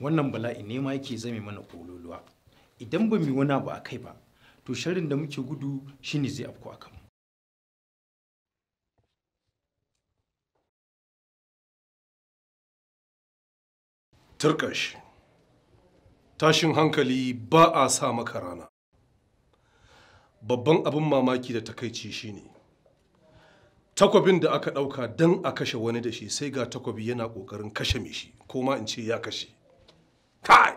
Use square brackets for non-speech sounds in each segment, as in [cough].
wannan bala'i ne ma yake zame mana kololuwa idan ba mu wani abu a kai ba to sharrin da muke gudu shine zai afko a kanmu turkash tashin hankali ba a sa maka rana babban abin mamaki da takaici shine takwabin da aka ɗauka don a kashe wani da shi sai ga takwabi yana ƙoƙarin kashe mai shi ko ma in ce ya kashe kai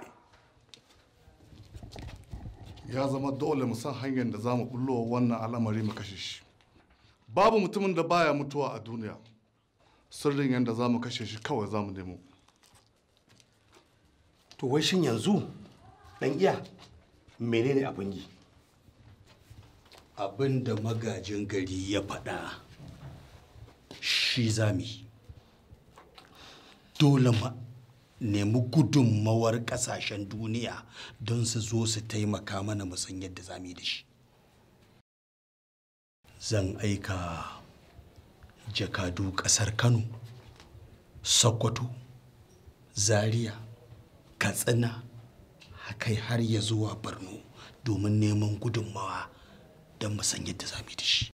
ya zama dole mu san hanyar da za mu bullowa wannan al'amari mu kashe shi babu mutumin da baya mutuwa a duniya sirrin yadda za mu kashe shi kawai za mu nemo to wai shin yanzu dan iya menene abin yi abin da magajin gari ya faɗa shi zami dole mu nemi gudunmawar kasashen duniya don su zo su taimaka mana musan yadda za mu da shi zan aika jakadu kasar kano sokoto zaria katsina kai har ya zuwa borno domin neman gudunmawa don musan yadda za mu da shi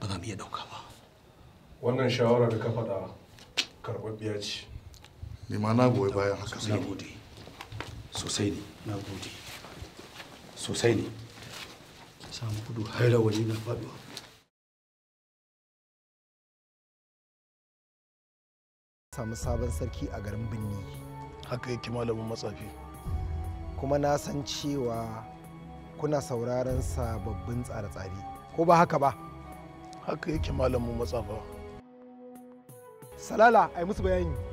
ba za mu iya ɗauka ba wannan shawara da ka faɗa karɓaɓɓiya ce ne ma na goyi bayan haka na gode sosai ne na gode sosai ne samu kudu har rawani na faduwa samu sabon sarki a garin birni haka yake malamin matsafi kuma na san cewa kuna sauraron sababbin tsare-tsare ko ba haka ba haka yake malamin matsafa salala ai musu bayani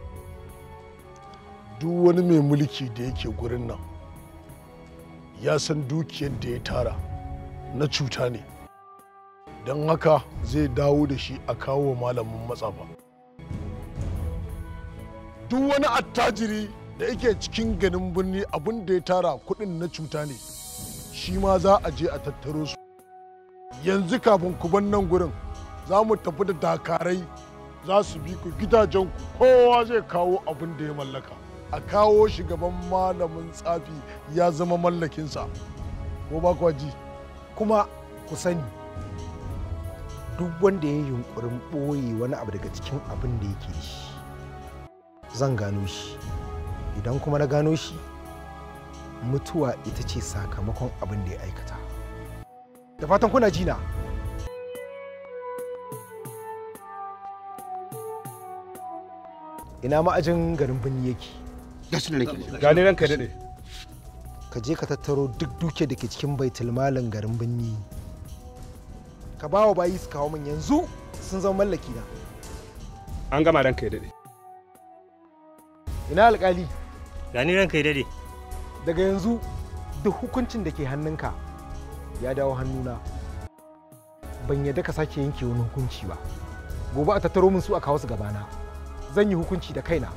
duk wani mai mulki da yake gurin nan ya san dukiyar da ya tara na cuta ne don haka zai dawo da shi a kawo malamin matsafa duk wani attajiri da yake cikin ganin birni abin da ya tara kudin na cuta ne shi ma za a je a tattaro su yanzu kafin ku ban nan gurin za mu tafi da dakarai za su bi ku ku. kowa zai kawo abin da ya mallaka a kawo shi gaban malamin tsafi ya zama mallakinsa ko ba kwa ji kuma ku sani duk wanda ya yi yunkurin ɓoye wani abu daga cikin abin da yake shi zan gano shi idan kuma na gano shi mutuwa ita ce sakamakon abin da ya aikata da fatan kuna jina ina ma'ajin garin birni yake gashi ne nake gane ranka dade ka je ka tattaro duk duke da ke cikin baitul malam garin binni ka bawa bayi su kawo min yanzu sun zama mallaki na an gama ranka ya dade ina alkali gani ranka ya dade daga yanzu duk hukuncin da ke hannunka ya dawo hannuna ban yadda ka sake yanke wani hukunci ba gobe a tattaro min su a kawo su gabana zan yi hukunci da kaina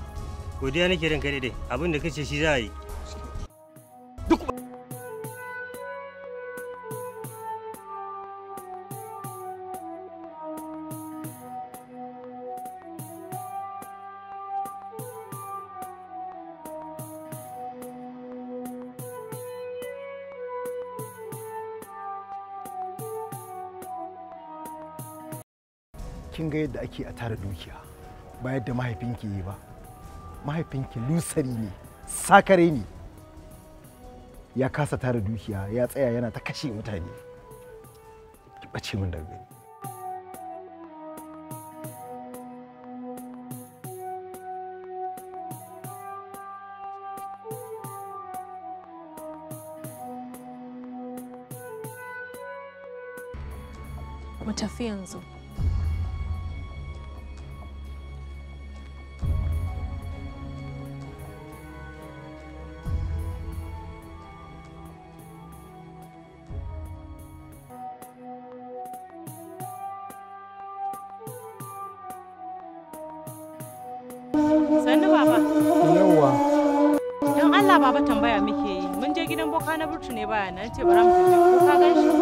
godiya nake ranka daidai abin da kace shi za a yi kin ga yadda ake a tara dukiya ba yadda mahaifinki yi ba mahaifinki lusari ne sakare ne ya kasa tara dukiya ya tsaya yana ta kashe mutane ki bace min daga gani mu tafi yanzu waya na ce bara ko ka gan shi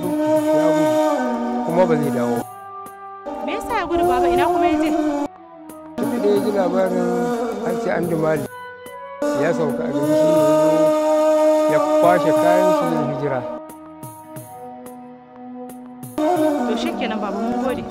na ya kuma ba zai dawo me yasa ya gudu baba ina kuma yaje tafi da yaji labarin an ce an dumali ya sauka a gari ya kwashe kayan shi hijira to kenan baba mun gode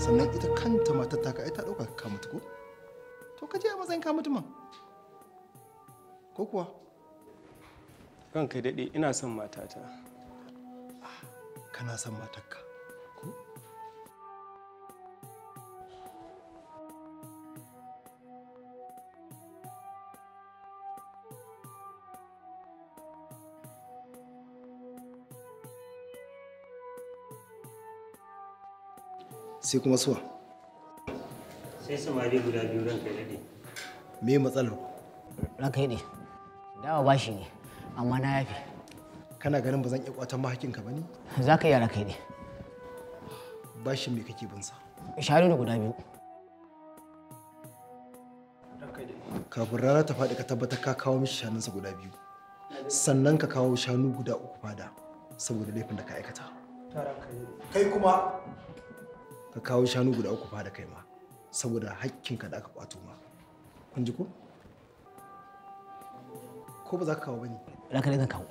sannan ita kanta matar ta ai ta ɗauka ka mutu ko to ka je a matsayin ka mutu man ko kuwa ranka daɗe ina son matata ah, kana son matarka sai kuma suwa sai samari guda biyu ranka daɗe me matsalar ranka daɗe dawa bashi ne amma na yafe kana ganin ba zan iya kwatan mahakinka ba ne za ka iya ranka daɗe Bashi me kake bin sa shanu ne guda biyu kafin rana ta faɗi ka tabbatar ka kawo mishi shanunsa guda biyu sannan ka kawo shanu guda uku fada saboda laifin da ka aikata kai kuma ka kawo shanu guda uku fada kai ma saboda hakkinka da aka kwato ma kun ji ko ko ba za ka kawo bane ranka ne zan kawo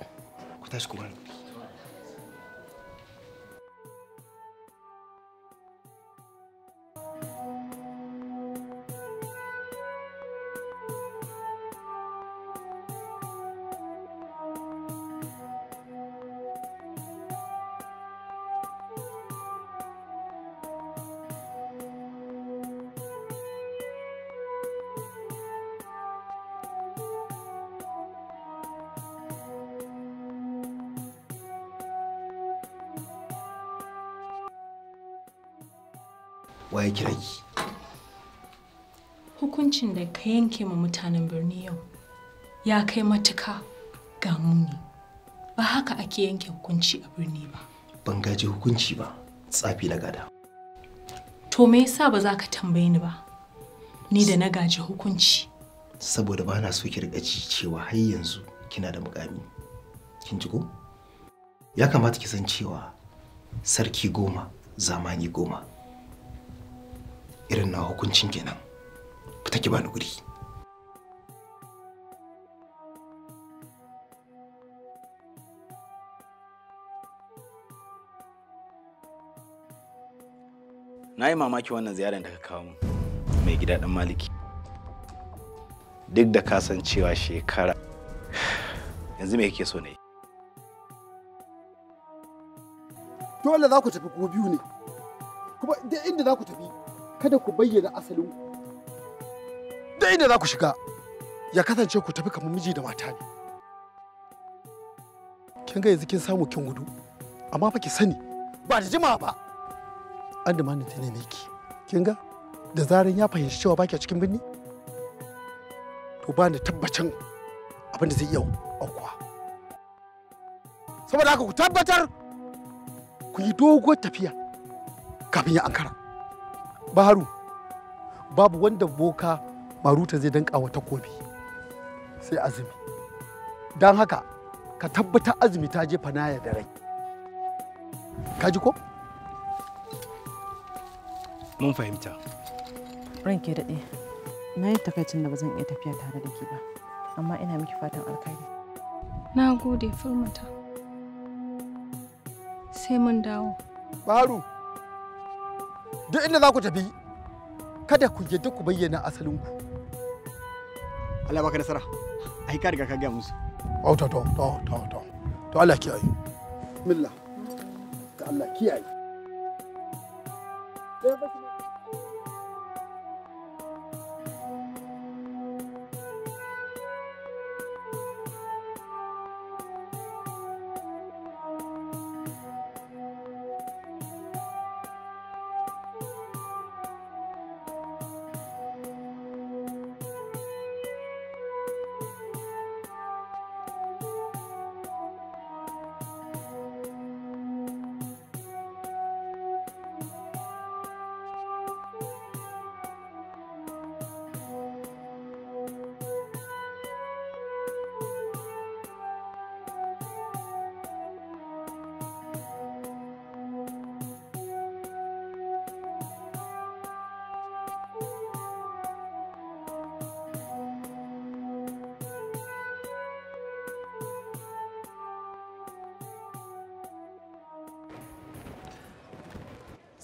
ku tashi ku bani wa ya kira ki hukuncin da ka yanke ma mutanen birni yau ya kai matuka ga muni ba haka ake yanke hukunci a birni ba ban gaji hukunci ba tsafi na gada to me yasa ba za ka tambaye ni ba ni da na gaji hukunci saboda ba na so ki riga ci cewa har yanzu kina da mukami kin ji ko ya kamata ki san cewa sarki goma zamani goma irin na hukuncin kenan ta ki bani guri na yi mamaki wannan ziyarar da ka kawo mu mai gida dan maliki duk da kasancewa shekara yanzu me kake so ne dole za ku tafi ko biyu ne kuma inda za ku tafi kada ku bayyana asalin ku Da inda za ku shiga ya kasance ku tafi kamar miji da mata ne kin ga yanzu kin samu kin gudu amma fa ki sani ba da jima ba an da manin ta ne ki kin ga da zaran ya fahimci cewa baki a cikin birni to ba ni tabbacin abin da zai iya aukuwa saboda haka ku tabbatar ku yi doguwar tafiya kafin ya ankara baharu babu wanda boka maruta zai danka wa takobi sai azumi don haka ka tabbata azumi ta je fanaya da rai ka ji ko mun fahimta ranke daɗe na yi takaicin da ba zan iya tafiya tare da ke ba amma ina miki fatan alkhairi na gode furmata sai mun dawo baharu duk inda za ku tafi kada ku yadda ku bayyana asalinku Allah baka nasara ai ka riga ka gaya musu oh to to to to to to Allah kiyaye bismillah ta Allah kiyaye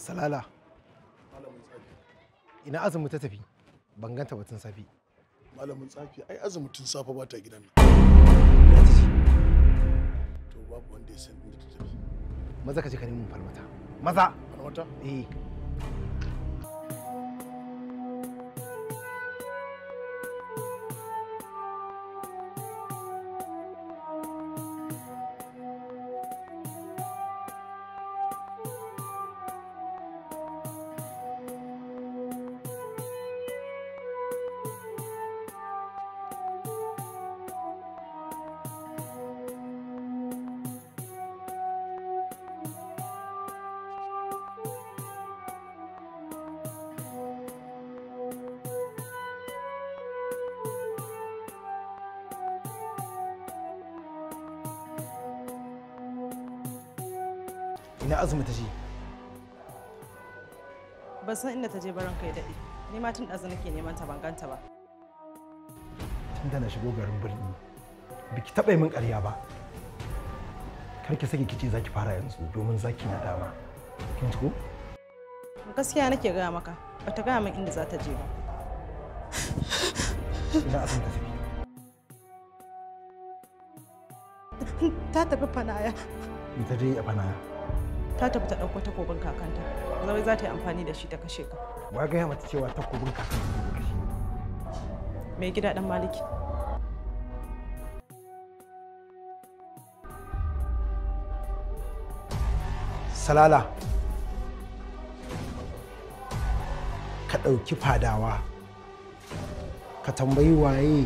salala ina azumi ta tafi ban ganta batun safi malamin tsafi ai azumi tun safa ba ta gidan to babu wanda ya san inda ta tafi maza ka je ka nemi farmata maza farmata eh ina azumi ta je ba san inda ta je baran kai daɗi ni ma tun ɗazu nake neman ta ban ganta ba tun da na shigo garin birni biki taɓa yi min ƙarya ba kar ki saki kici zaki fara yanzu domin zaki na dama kin ji ko gaskiya nake gaya maka bata gaya min inda za ta je ba ina azumi ta tafi ta tafi fanaya ita dai a fanaya ta tafi ta ɗauko takobin kakanta zai za ta yi amfani da shi ta kashe ka wa gaya mata cewa takobin kakanta ta kashe mai gida dan maliki salala ka ɗauki fadawa ka tambayi waye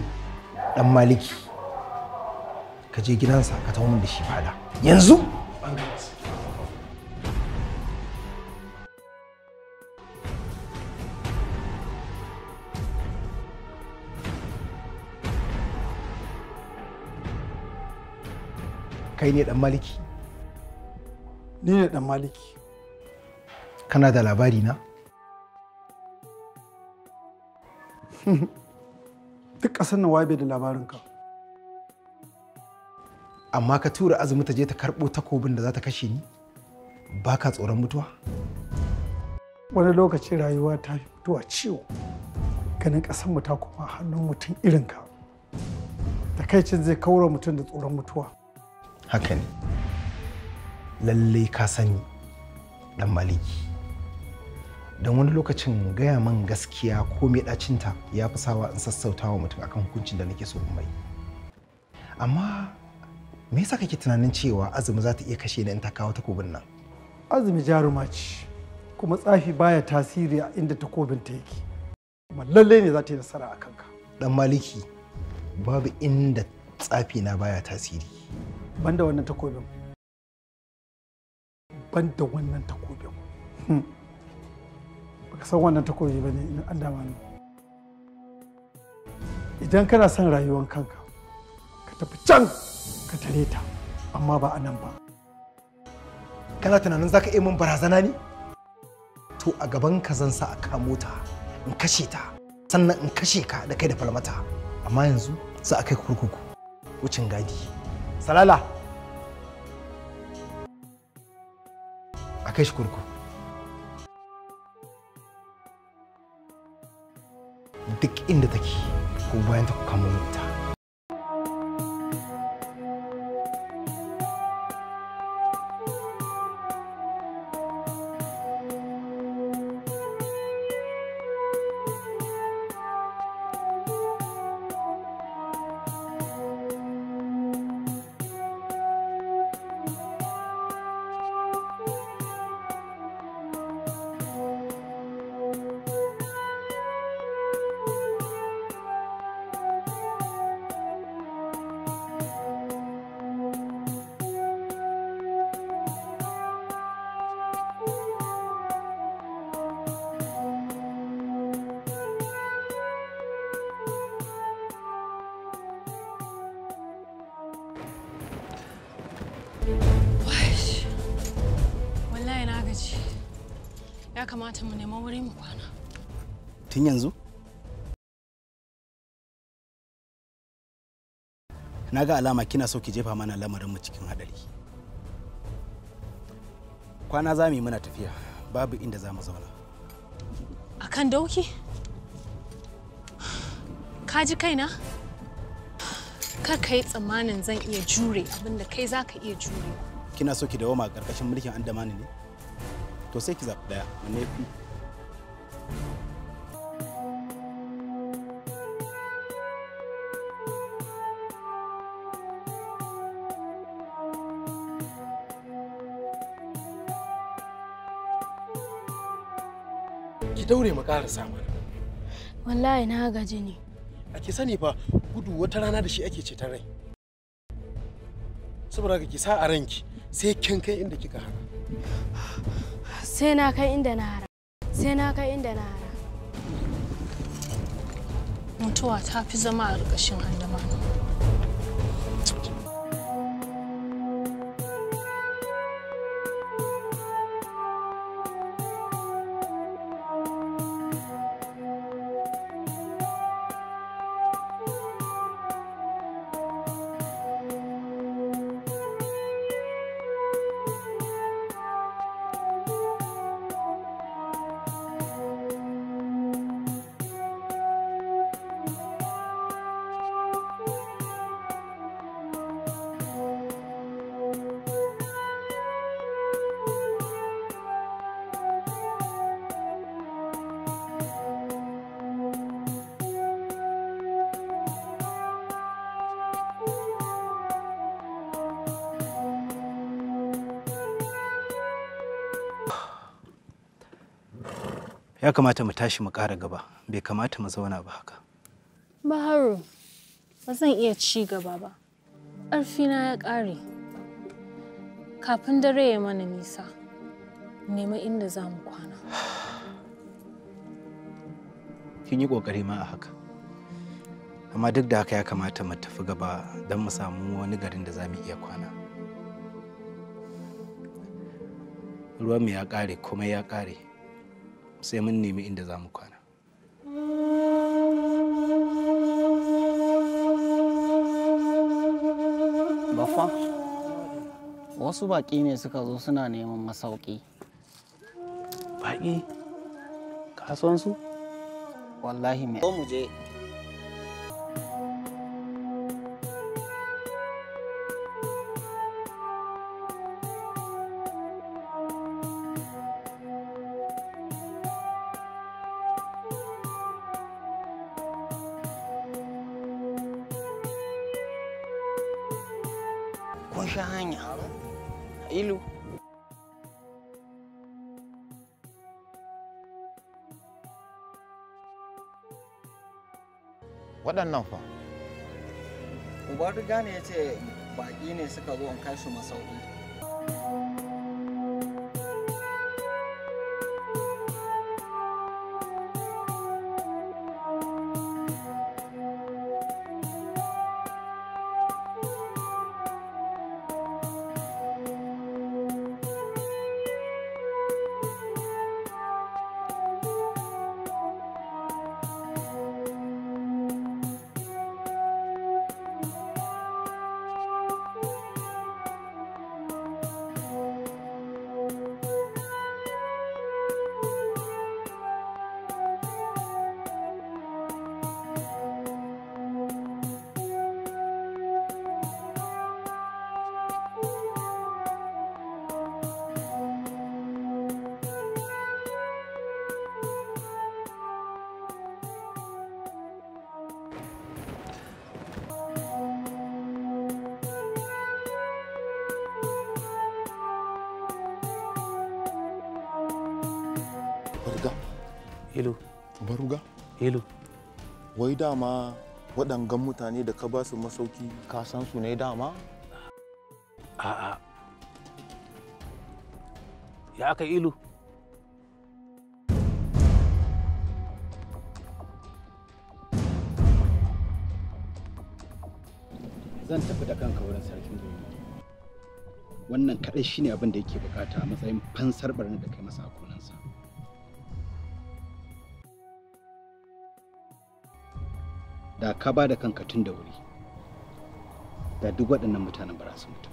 dan maliki ka je gidansa ka tawo da shi fada yanzu kai ne dan maliki ni ne dan maliki kana da labari na [laughs] duk kasan na wabe da labarinka amma ka tura azumi ta je ta karɓo takobin da za ta kashe ni baka tsoron mutuwa wani lokaci rayuwa ta fi mutuwa ciwo ganin ƙasar mu ta kuma hannun mutum irinka takaicin zai kaura mutum da tsoron mutuwa haka ne lallai ka sani dan maliki don wani lokacin gaya man gaskiya ko mai ɗacinta ya fi sawa in sassauta wa mutum akan hukuncin da nake so in mai amma me yasa kake tunanin cewa azumi za ta iya kashe ni in ta kawo takobin nan azumi jaruma ce kuma tsafi baya tasiri a inda takobin ta yake kuma lalle ne za ta yi nasara a kanka dan maliki babu inda tsafi na baya tasiri banda wannan takobin banda wannan takobin hmm. baka san wannan takobi ba ne in an dama idan kana son rayuwar kanka ka tafi can ka tare ta amma ba a nan ba kana tunanin za ka min barazana ne to a gaban ka zan sa a kamo ta in kashe ta sannan in kashe ka da kai da falmata amma yanzu za a kai kurkuku wucin gadi salala a kai shi kurku duk inda take ko bayan ta kamo wuta na ga alama kina so ki jefa mana lamarinmu cikin hadari. kwana za mu yi muna tafiya babu inda za mu zauna a kan dauki ka ji kaina kar ka yi tsammanin zan iya jure abinda kai za ka iya jure kina so ki dawo a ƙarƙashin mulkin andamani ne to sai ki zaɓi ɗaya wanne ku. daure mu karasa mana wallahi na gaji ne ake sani fa gudu wata rana da shi ake ceton rai saboda ki sa a ranki sai kin kai inda kika hara sai na kai inda na hara sai na kai inda na hara mutuwa ta fi zama a ƙarƙashin handama ya kamata mu tashi mu ƙara gaba bai kamata mu zauna ba haka baharu ba zan iya ci gaba ba ƙarfina ya ƙare kafin dare ya mana nisa nema inda za mu kwana [sighs] kin yi ƙoƙari ma a haka amma duk da haka ya kamata mu tafi gaba don mu samu wani garin da za mu iya kwana ruwanmu ya ƙare kuma ya ƙare sai mun nemi inda za mu kwana bafa wasu baƙi ne suka zo suna neman masauki. Baƙi? Kasuwansu? Wallahi mai. Ko mu je kun sha hanya ilu waɗannan fa ubar riga ya ce baƙi ne suka zo in kai su masauki baruga ilu baruga ilu wai dama waɗangan mutane da ka ba su masauki kasan su ne dama a'a ya aka ilo zan tafi da kanka wurin sarkin gobe wannan kaɗai shine abin da yake bukata a matsayin fansar barna da kai masa a kunansa da ka ba da kanka tun da wuri da duk waɗannan mutanen ba su mutu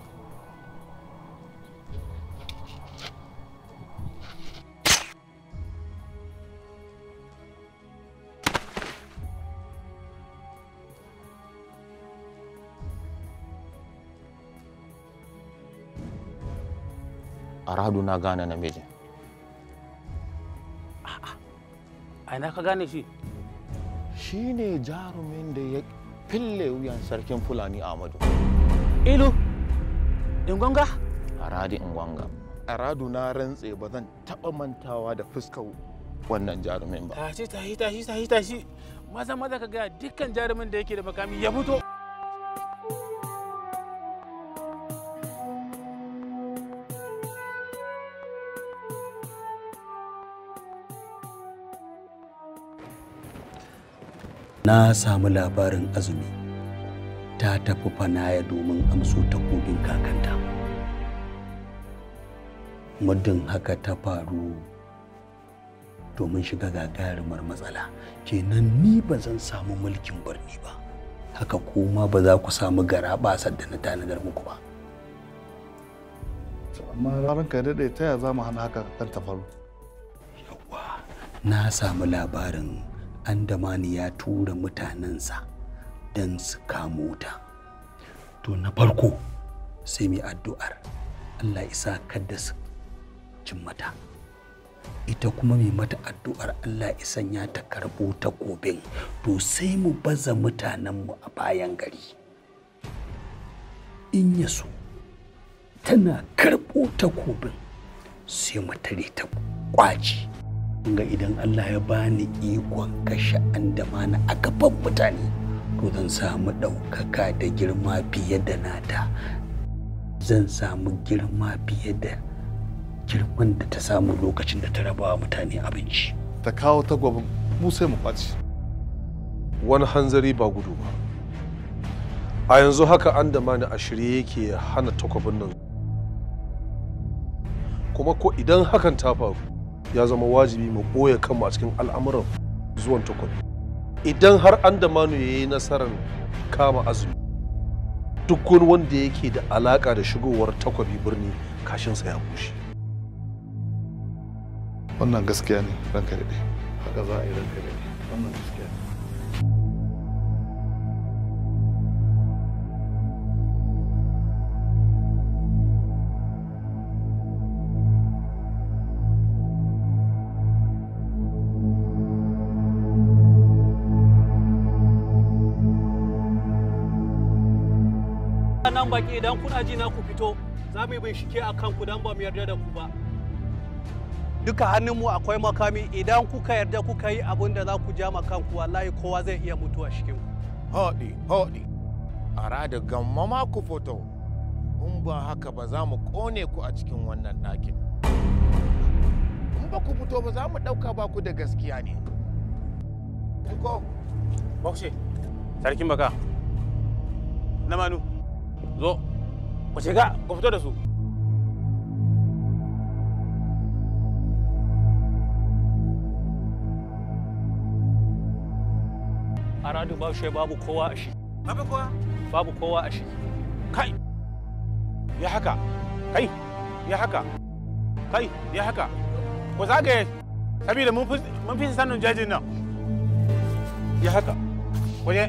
aradu na gane namijin. A'a, a ina ka gane shi? shine jarumin da ya fille wuyan sarkin fulani amadu ilu ingonga aradi ingonga aradu na rantse ba zan taba mantawa da fuskar wannan jarumin ba tashi tashi tashi tashi maza maza ka gaya dukkan jarumin da yake da makami ya fito na samu labarin azumi ta tafi fanaya domin amso takobin kakanta muddin haka ta faru domin shiga gagarumar matsala kenan ni ba zan samu mulkin birni ba haka kuma ba za ku samu gara basar da na tanadar muku ba amma ranka daɗe ta ya za mu hana haka kan ta faru yawwa na samu labarin andamani ya tura mutanensa dan su kamo ta to na farko sai mai addu'ar allah isa kada su cin mata ita kuma mai mata addu'ar allah isan ya ta karɓo ta gobin to sai mu baza mutanenmu a bayan gari in ya so tana karɓo takobin sai mu tare ta ƙwaci ga idan Allah ya bani ikon kashe mana a gaban mutane to zan samu ɗaukaka da girma fiye da nata zan samu girma fiye da girman da ta samu lokacin da ta rabawa mutane abinci ta kawo tagwabin mu sai mu kwaci wani hanzari ba gudu ba a yanzu haka andamani a shirye yake hana takwabin nan kuma ko idan hakan ta faru ya zama wajibi mu boye kanmu a cikin al'amuran zuwan takobi idan har an da manu ya yi nasarar kama azumi duk wani wanda yake da alaƙa da shigowar takwabi birni kashin sa ya bushe wannan gaskiya ne ranka daɗe haka za a yi ranka daɗe wannan baki idan kuna ji na ku fito za mu yi bincike a kanku don ba mu yarda da ku ba duka hannunmu akwai makami idan kuka yarda kuka yi abin da za ku ja ma kanku wallahi kowa zai iya mutuwa cikin ku hodi hodi ara da gamma ma ku fito in ba haka ba za mu kone ku a cikin wannan ɗakin in ba ku fito ba za mu ɗauka ba ku da gaskiya ne ko Bakushe, sarkin baka, na manu. zo ku shiga ku fito da su radu ba shi babu kowa a shi babu kowa babu kowa a shi kai ya haka kai ya haka kai ya haka ku zagaye sabida mun fi sanin jajin nan ya haka waje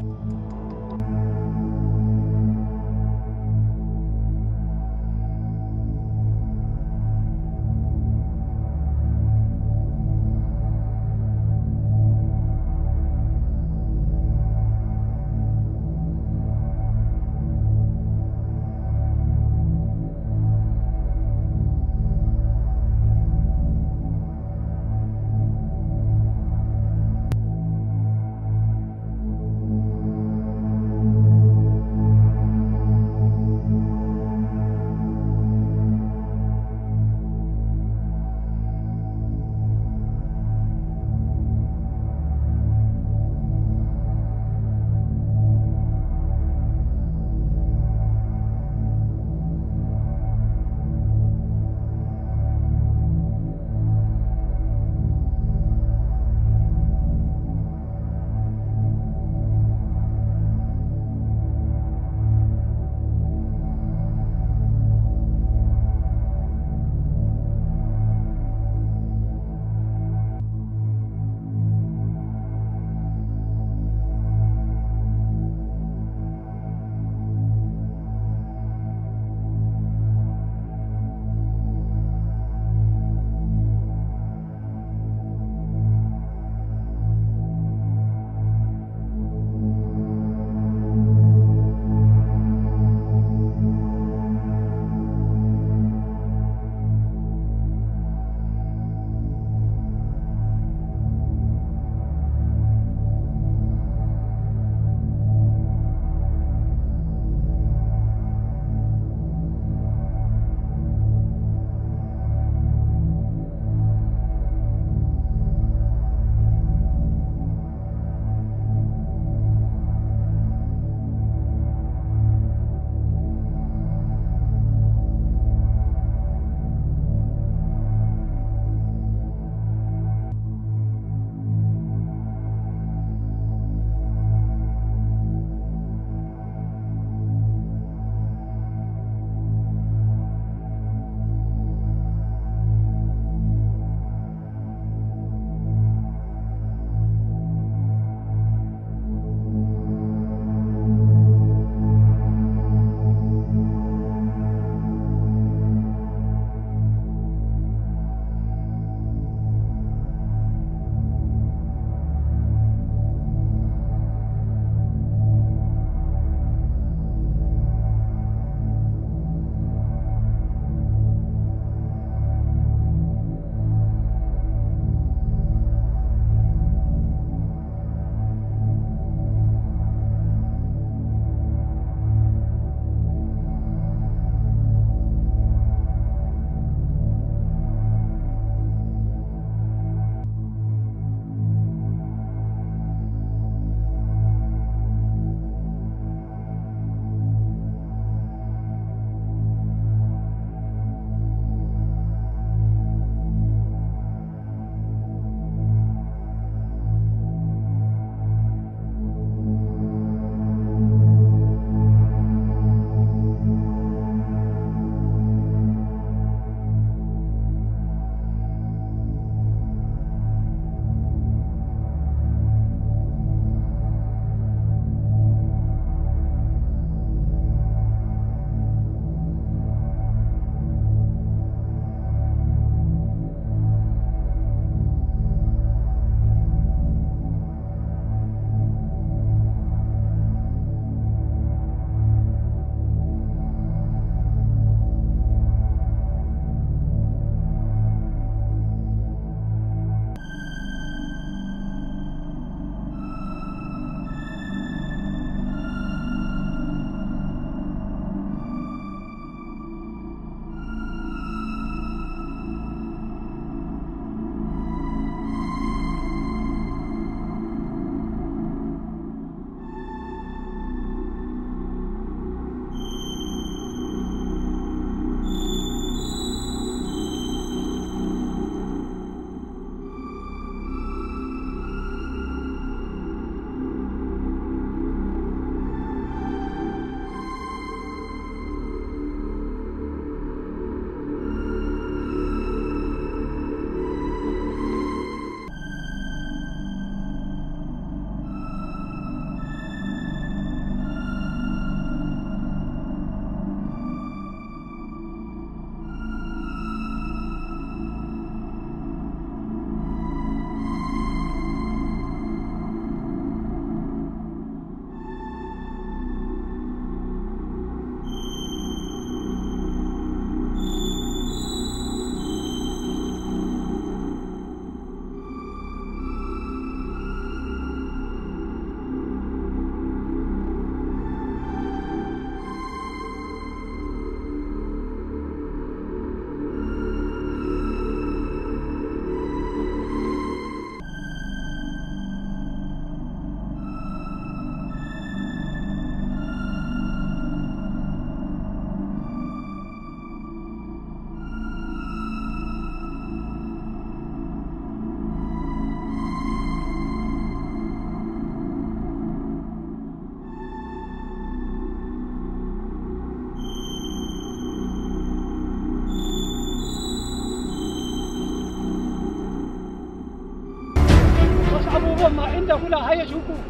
마시고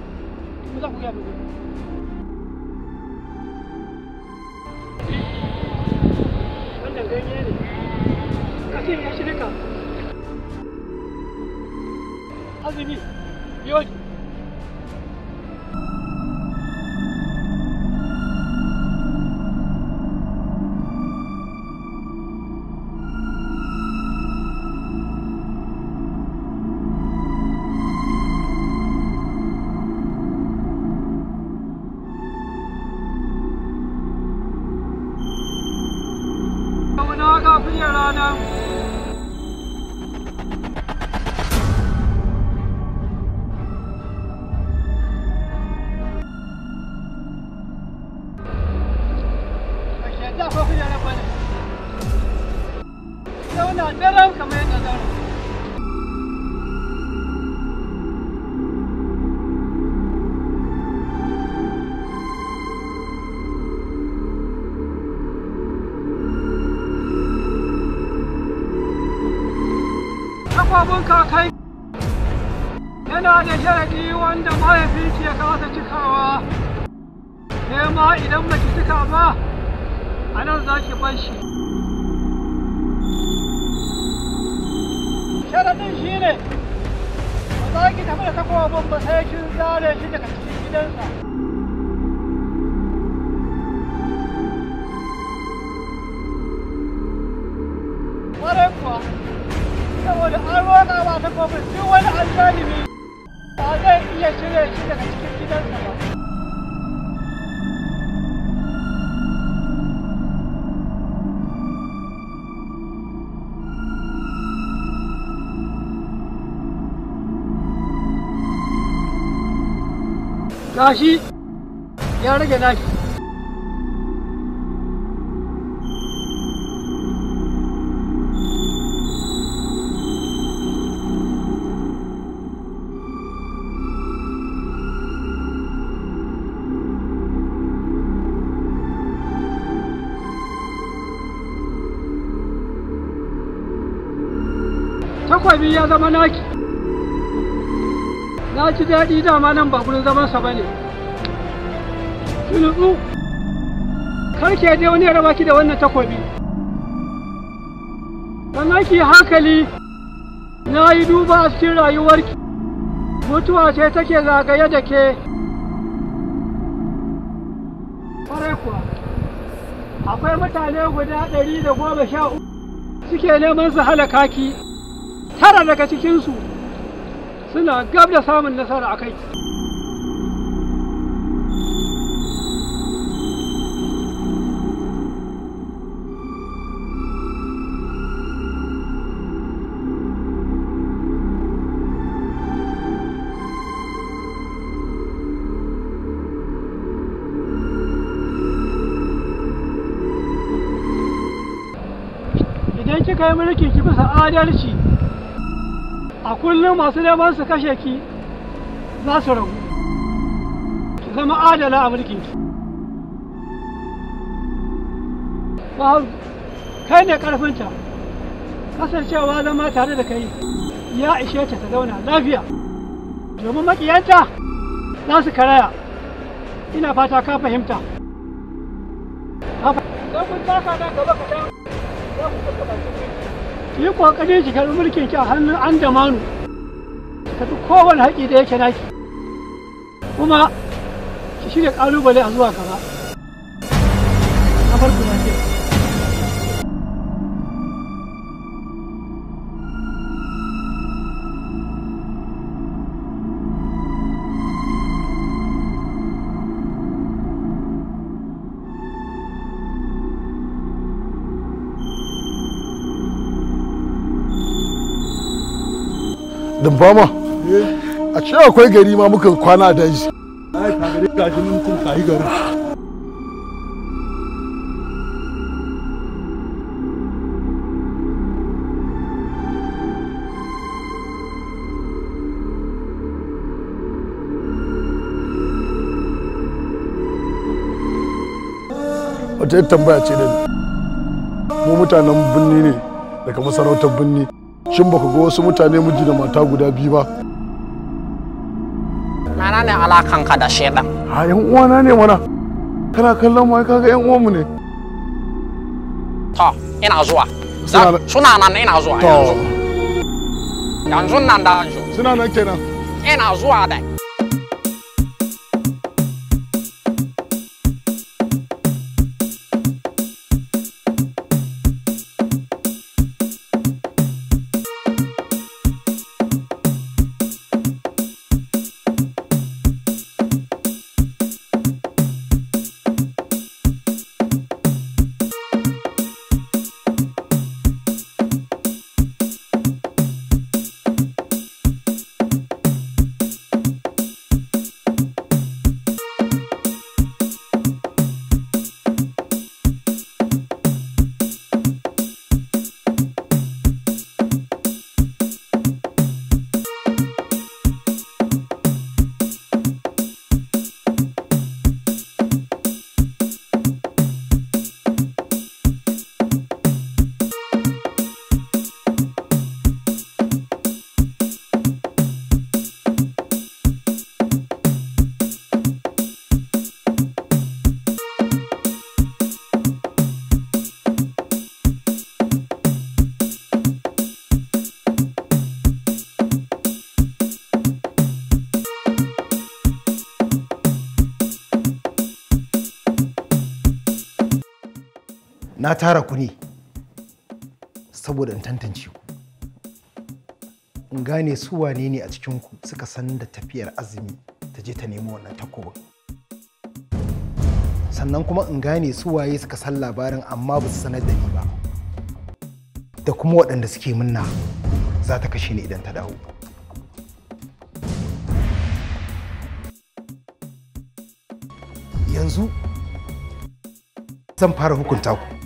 y'all shi ne ba za ki tafi da takowa ba sai kin zare shi daga cikin gidansa gashi ya rage naki takwabi ya zama naki ka ci daɗi dama nan ba gurin zaman sa bane tunutsu karke dai wani ya raba da wannan takobi sannan ki hankali na yi duba a cikin rayuwarki mutuwa ce take zagaye da ke akwai mutane guda ɗari da goma sha uku suke neman su halaka ki tara daga cikinsu suna gab da samun nasara a kai idan kika yi mulki ki bisa adalci a kullum masu neman su kashe ki za su ragu ki zama adala a mulkin ki kai ne ta kasancewa zama tare da kai ya ishe ta ta zauna lafiya domin makiyanta za su karaya ina fata ka fahimta don kun taka na gaba kaɗan za ku kuka yi kokarin shi karɓi mulkin ki a hannun an da manu ka fi kowane haƙi da yake naki kuma ki shirya ƙalubale a zuwa gaba. dumba ma a ce akwai gari ma muka kwana a shi wata yi tambaya ce da mu mutanen birni ne daga masarautar birni shin baka ga wasu mutane miji da mata guda biyu ba mana ne alakanka da shedan a yan uwana ne mana kana kallon mu kaga yan uwanmu ne to ina zuwa suna nan ina zuwa yanzu yanzu nan da yanzu suna nan kenan ina zuwa dai na tara ku ne saboda in tantance ku in gane su wane ne a cikinku suka san da tafiyar azumi ta je ta nemo wannan takobin sannan kuma in gane su waye suka san labarin amma ba su sanar da ni ba da kuma waɗanda suke minna za ta kashe ni idan ta dawo yanzu zan fara hukunta ku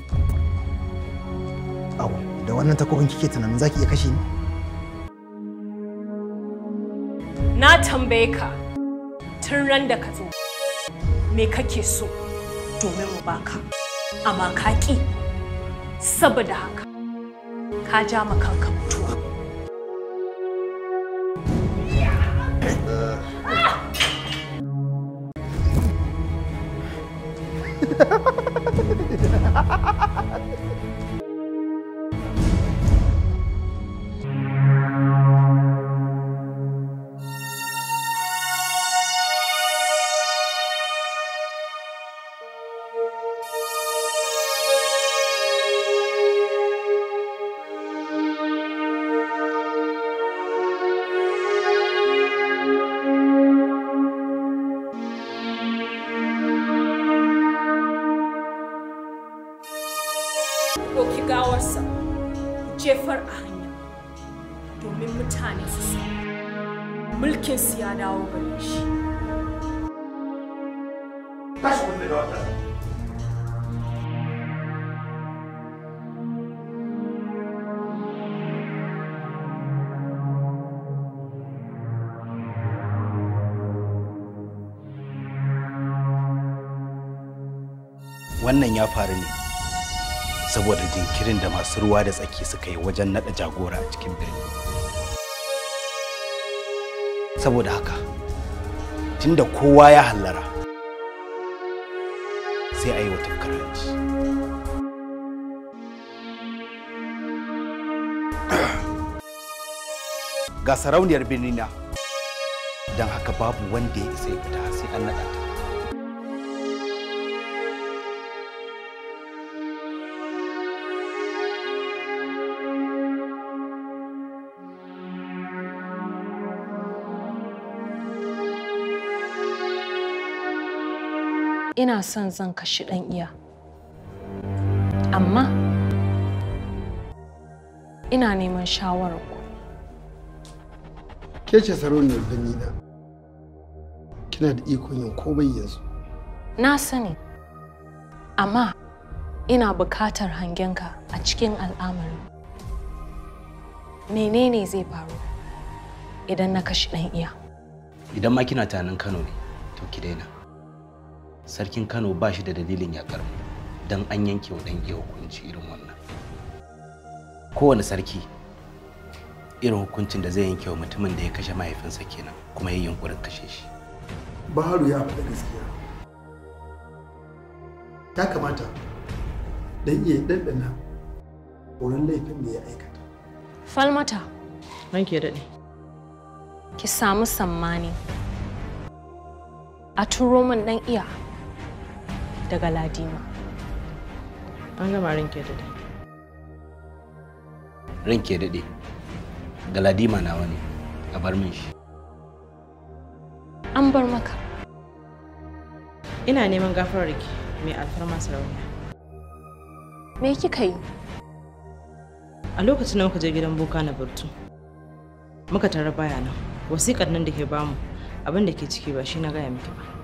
wannan takobin kike tunanin zaki iya kashe ni na tambaye ka tun ran da ka zo me kake so domin mu baka amma ka ƙi saboda haka ka ja ma kanka mutuwa wannan ya faru ne saboda jinkirin da masu ruwa da tsaki suka yi wajen naɗa jagora a cikin birni saboda haka tunda kowa ya hallara sai a yi wata karanci ga sarauniyar birni don haka babu wanda ya isa ya fita sai an naɗa ta ina son zan kashi ɗan iya amma ina neman shawararku. ku ke ce sarauniyar gani na kina da ikon yin komai yanzu na sani amma ina bukatar hangenka a cikin al'amarin. menene zai faru idan na kashi ɗan iya idan ma kina tanin kano ne to ki daina sarkin kano ba shi da dalilin yakar mu don an yanke wa ɗan iya hukunci irin wannan kowane sarki irin hukuncin da zai yanke wa mutumin da ya kashe mahaifinsa kenan kuma ya yunkurin kashe shi baharu ya faɗa gaskiya ya kamata dan iya ɗanɗana wurin laifin da ya aikata falmata nan ke daɗe ki samu sammani a turo min ɗan iya daga Ladima. An gama rinke daɗe. rinke daɗe. Da Ladima nawa ne, a bar min shi. An bar maka. Ina neman gafarar ki mai alfarma sarauniya. Me kika yi? A lokacin da muka je gidan boka na Burtu, muka tara baya nan, wasiƙar nan da ke bamu abin da ke ciki ba shi na gaya miki ba.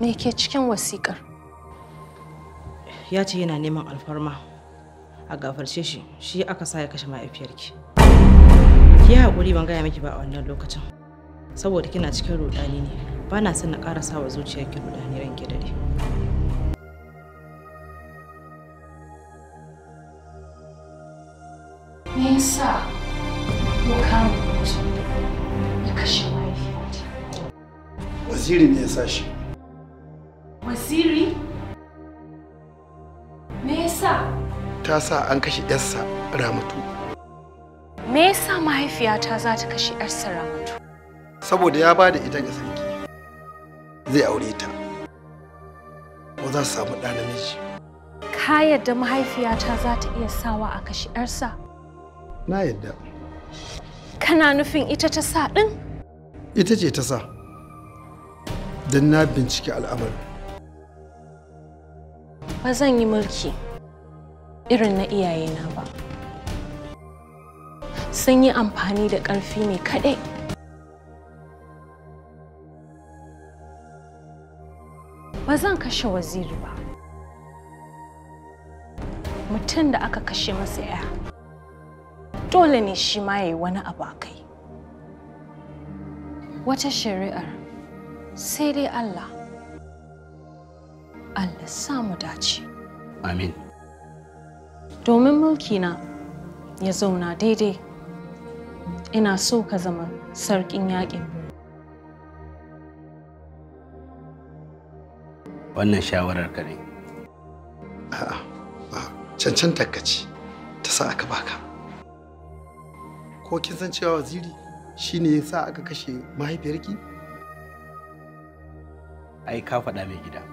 Me ke cikin wasikar. Ya ce yana neman alfarma a gafarce shi, shi aka sa ya kashe mahaifiyarki. Ki haƙuri ban gaya miki ba a wannan lokacin. Saboda kina cikin rudani ne, ba na son na ƙara sawa zuciyarki rudani ranke dare. Me yasa ko mutum ya kashe mahaifiyarta. Waziri ne ya sa Wasiri? Me yasa? Ta sa an kashe yarsa Ramatu. Me yasa mahaifiyata za ta kashe yarsa Ramatu? Saboda ya ba da ita ga sarki. Zai aure ta. Ko za su samu ɗa namiji. Ka yadda mahaifiyata za ta iya sawa a kashe yarsa? Na yadda. Kana nufin ita ta sa ɗin? Ita ce ta sa. Don na binciki al'amarin. ba zan yi mulki irin na iyayena ba sun yi amfani da ƙarfi ne kaɗai ba zan kashe waziri ba mutum da aka kashe masa ya dole ne shi ma ya yi wani abu kai wata shari'ar sai dai allah Allah sa mu dace. Amin. Domin mulkina ya zauna daidai, ina so ka zama sarkin yaƙin. Wannan shawarar ka ne. A'a, cancanta ka ta sa aka baka. Ko kin san cewa waziri shi ne ya sa aka kashe mahaifiyarki? Ai, ka faɗa mai gida.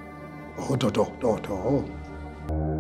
哦，对对对对。